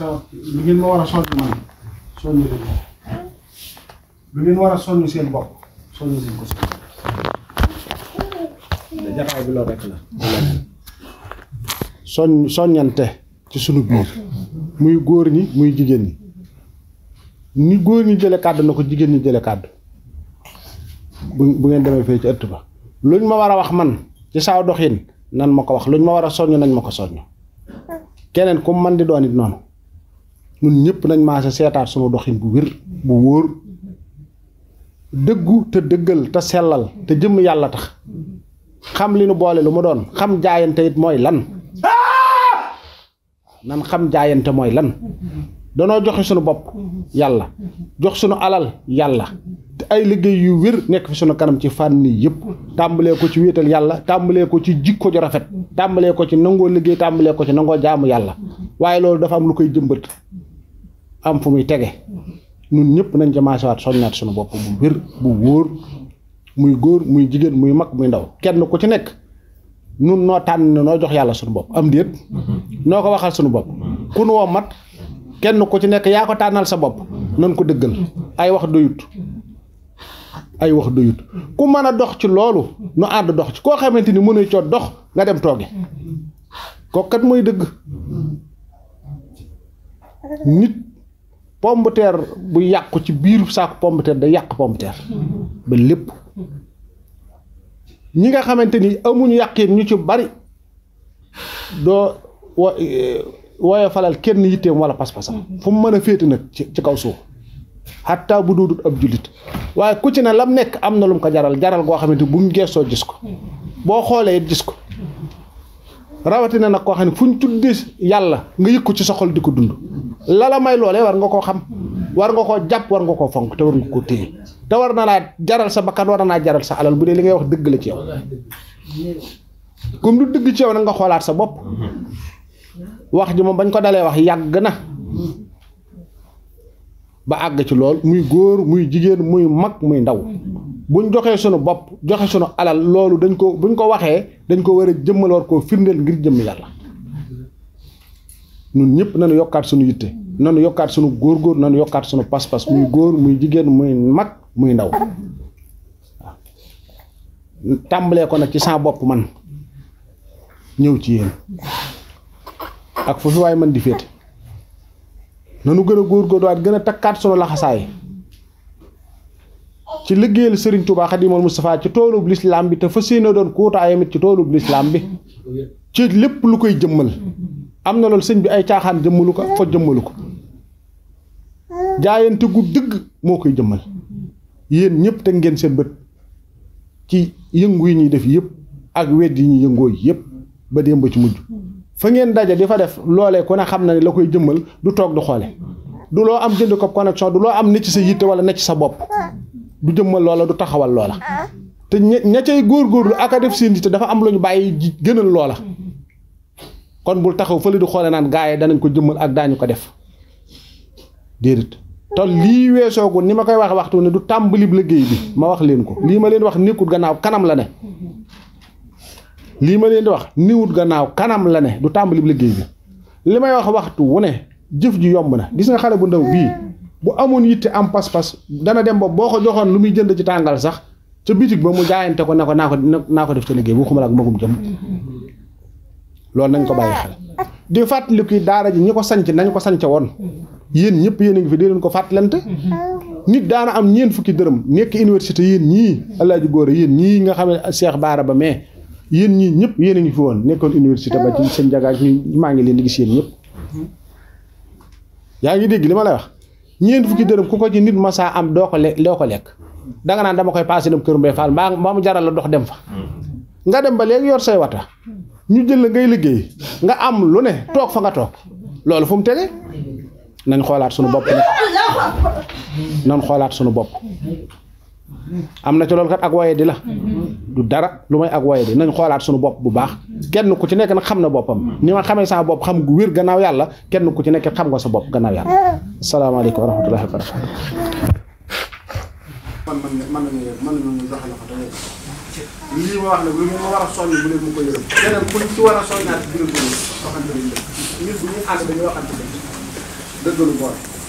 sa ma war a soññ man soññ war a soññ seen bopp soññ ko si jataay bi soññante ci sunu biir muy góor ñi muy jigéen ñi ni góor ñi jële kàddu na ko jigéen ñi jële kàddu bu bu ngeen demee fee ci ëtt ba luñ ma war a wax man ci saaw doxin nan ma ko wax luñ ma war a soññ nañ ma ko soññ keneen ku man di doon it noonu ñun ñëpp nañ maasa seetaat sunu doxin bu wér bu wóor dëggu te dëggal te sellal te jëmm yàlla tax xam li nu boole lu mu doon xam jaayante it mooy lan nan xam jaayante mooy lan danoo joxe sunu bopp yàlla jox sunu alal yalla te ay liggéey yu wér nekk fi sunu kanam ci fànn yëpp tàmbalee ko ci wéetal yàlla tàmbalee ko ci jikko ju rafet tàmbalee ko ci nangoo liggéey tàmbalee ko ci nangoo jaamu yàlla waaye loolu dafa am lu koy jëmbat am fu muy tege ñun ñëpp nañ ca maasawaat soññaat suñu bopp bu wér bu wóor muy góor muy jigéen muy mag muy ndaw kenn ku ci nekk nun noo tànn noo jox yàlla suñu bopp am déet noo ko waxal suñu bopp ku nu woo mat kenn ku ci nekk yaa ko tànnal sa bopp nan ko dëggal ay wax doyut ay wax doyut ku mën a dox ci loolu nu ànd dox ci koo xamante ni mu mënu coo dox nga dem tooge kooku kat mooy dëgg nit pomme de bu yàqu ci biir saako pomme de yàq pomme de terre ba lépp ñi nga xamante ni amuñu yàqin ñu ci bari doo eh, wo falal kenn yitteem wala pas-pasam fu mu mën a féete nag ci kaw suuf xatta bu doodut ab jullit waaye ku ci ne lam nekk am na lum ko jaral jaral goo xamante bu mu geesoo gis ko boo xoolee it gis ko rawatina nag koo xam ne fu ñu tuddee yàlla nga yëg ko ci soxol di ko dund lala may loolee war nga koo xam war nga ko jàpp war nga ko fonk te war nga koo téye te war na laa jaral sa bakkan war na laa jaral sa alal bu dee li ngay wax dëgg la ci yow comme du dëgg ci yow nag nga xoolaat sa bopp wax ji moom bañ ko dalee wax yàgg na ba àgg ci lool muy góor muy jigéen muy mag muy ndaw buñ joxee sunu bopp joxe sunu alal loolu dañ ko buñ ko waxee dañ ko war a jëmmal war koo firndeel ngir jëmmi yàlla ñun ñëpp nañu yokkaat suñu yitte nañu yokkaat suñu góor-góor nañu yokkaat suñu pas-pas muy góor muy jigéen muy mag muy ndaw tàmbalee ko na ci saa bopp man ñëw ci yéen ak fu fi waay man di féete nanu gën a góor-góorluwaat gën a takkaat sunu laxasaay ci liggéeyal Serigne Touba Xadimal Moustapha ci toolub lislaam bi te fas yéene doon kuutaayam ci toolub lislaam bi ci lépp lu koy jëmmal. am na loolu sëñ bi ay caaxaan jëmmalu ko fa jëmmalu ko jaayante gu dëgg moo koy jëmmal yéen ñëpp te ngeen seen bët ci yëngu yi ñuy def yëpp ak wedd yi ñuy yëngoo yëpp ba démb ci mujj fa ngeen daje di fa def loole ku ne xam na ne la koy jëmmal du toog du xoole du loo am jënd ko connexion du loo am ne ci sa yitte wala ne ci sa bopp du jëmmal loola du taxawal loola te ña ña góor góorgóorlu ak a def seen yitte dafa am lu ñu bàyyi gënal loola kon bul taxaw fële di xoole naan gaay danañ ko jëmmal ak daañu ko def déedéet te lii weesoogu ni ma koy wax waxtu ne du tàmbalib liggéey bi ma wax leen ko lii ma leen wax nekkut gannaaw kanam la ne lii ma leen di wax niwut gannaaw kanam la ne du tàmbalib liggéey bi li may wax waxtu wu ne jëf ji yomb na gis nga xale bu ndaw bii bu amoon yitte am pas-pas dana dem ba boo ko joxoon lu muy jënd ci tàngal sax ca bitig ba mu jaayante ko ne ko naa ko naa ko def ca liggéey bu xuma la ak magum jëm loolu nañ ko bàyyi xel di fàttaliku daara ji ñi ko sanc nañ ko sanc woon yéen ñëpp yéen a ngi fi di leen ko fàttalante nit daana am ñeen fukki dërëm nekk université yéen ñii alaaji góor a yéen ñii nga xam ne Cheikh Baara ba mais yéen ñii ñëpp yéen a ngi fi woon nekkoon université ba ci seen jagaak ñu maa ngi leen di gis yéen ñëpp yaa ngi dégg li ma lay wax ñeen fukki dërëm ku ko ci nit masaa am doo ko lekk ko lekk danga naan dama koy passé dem kër Mbaye Fall mbaa mu jaral la dox dem fa nga dem ba léegi yor say wata ñu jël la ngay liggéey nga am lu ne toog fa nga toog loolu fu mu tege nañ xoolaat suñu bopp nag nañ xoolaat suñu bopp am na ci loolu kat ak waye di la du dara lu may ak waye di nañ xoolaat suñu bopp bu baax kenn ku ci nekk nag xam na boppam ni ma xamee sa bopp xam gu wér gannaaw yàlla kenn ku ci nekk xam nga sa bopp gannaaw yàlla asalaamaaleykum wa rahmatullahi wa lii ma wax nag lu ñu ma war a soññ bu leen mu ko yërëm leneen kuñ ci war a soññaat bi leen ko yërëm waxante ne ñun bu ñuy ànd dañuy waxante dëgg lu boole